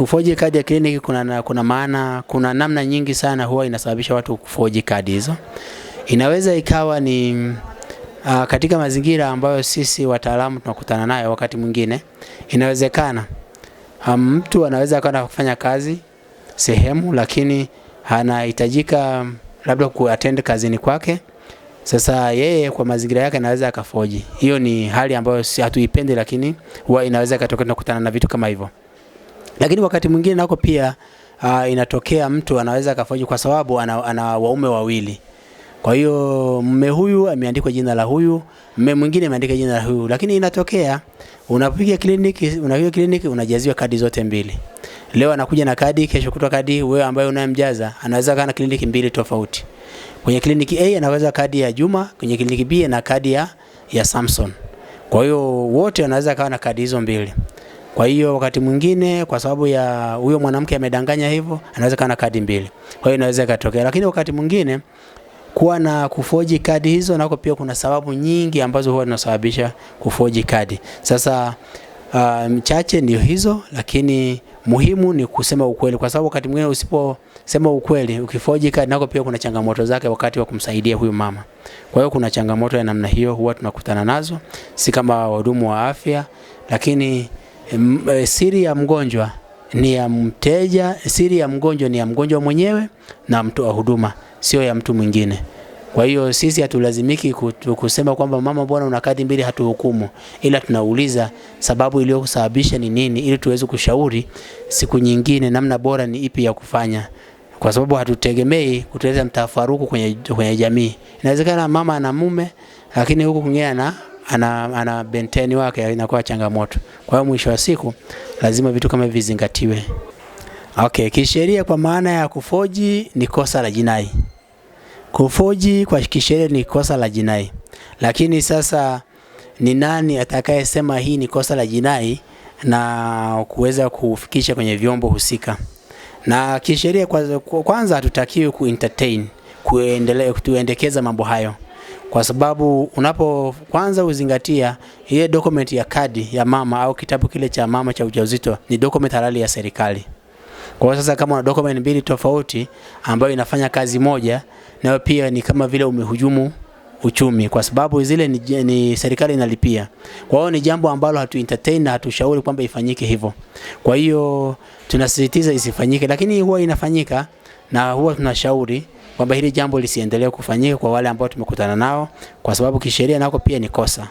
kufoji kadi ya kliniki kuna, kuna maana, kuna namna nyingi sana huwa inasababisha watu kufoji kadi hizo. Inaweza ikawa ni uh, katika mazingira ambayo sisi wataalamu tunakutana nayo wakati mwingine. Inawezekana ah, mtu anaweza kwenda kufanya kazi sehemu, lakini anahitajika labda kuattend kazini kwake. Sasa yeye kwa mazingira yake anaweza akafoji. Hiyo ni hali ambayo hatuipendi, lakini huwa inaweza ikatokea, tunakutana na vitu kama hivyo. Lakini wakati mwingine nako pia uh, inatokea mtu anaweza akafanya kwa sababu ana, ana waume wawili kwa hiyo mme huyu ameandikwa jina la huyu, mme mwingine ameandika jina la huyu, lakini inatokea unapiga kliniki, unapiga kliniki unajaziwa kadi zote mbili. Leo anakuja na kadi, kesho kutwa kadi wewe ambaye unayemjaza anaweza kana kliniki mbili tofauti. Kwenye kliniki A anaweza kadi ya Juma, kwenye kliniki B na kadi ya, ya Samson. Kwa hiyo wote wanaweza kawa na kadi hizo mbili. Kwa hiyo wakati mwingine kwa sababu ya huyo mwanamke amedanganya hivyo, anaweza kana kadi mbili. Kwa hiyo inaweza ikatokea, lakini wakati mwingine kuwa na kufoji kadi hizo nako pia kuna sababu nyingi ambazo huwa zinasababisha kufoji kadi. Sasa uh, ah, mchache ndio hizo, lakini muhimu ni kusema ukweli, kwa sababu wakati mwingine usiposema ukweli, ukifoji kadi nako pia kuna changamoto zake wakati wa kumsaidia huyu mama. Kwa hiyo kuna changamoto ya namna hiyo huwa tunakutana nazo, si kama wahudumu wa afya, lakini Eh, siri ya mgonjwa ni ya mteja, siri ya mgonjwa ni ya mgonjwa mwenyewe na wa huduma, sio ya mtu mwingine. Kwa hiyo sisi hatulazimiki kusema kwamba mama, bwana, una kadi mbili, hatuhukumu, ila tunauliza sababu iliyokusababisha ni nini, ili tuweze kushauri siku nyingine namna bora ni ipi ya kufanya, kwa sababu hatutegemei kutuleta mtafaruku kwenye, kwenye jamii. Inawezekana mama ana mume, lakini huku kwingine ana ana, ana benteni wake inakuwa changamoto. Kwa hiyo mwisho wa siku lazima vitu kama hivi vizingatiwe. Okay, kisheria kwa maana ya kufoji ni kosa la jinai. Kufoji kwa kisheria ni kosa la jinai, lakini sasa ni nani atakayesema hii ni kosa la jinai na kuweza kufikisha kwenye vyombo husika? Na kisheria kwanza, hatutakiwi ku entertain kuendelea kutuendekeza mambo hayo kwa sababu unapo kwanza uzingatia ile document ya kadi ya mama au kitabu kile cha mama cha ujauzito ni document halali ya serikali. Kwa hiyo sasa, kama una document mbili tofauti ambayo inafanya kazi moja, nayo pia ni kama vile umehujumu uchumi, kwa sababu zile ni, ni serikali inalipia. Kwa hiyo ni jambo ambalo hatu entertain na hatushauri kwamba ifanyike hivyo. Kwa hiyo tunasisitiza isifanyike, lakini huwa inafanyika na huwa tunashauri kwamba hili jambo lisiendelee kufanyika kwa wale ambao tumekutana nao, kwa sababu kisheria nako pia ni kosa.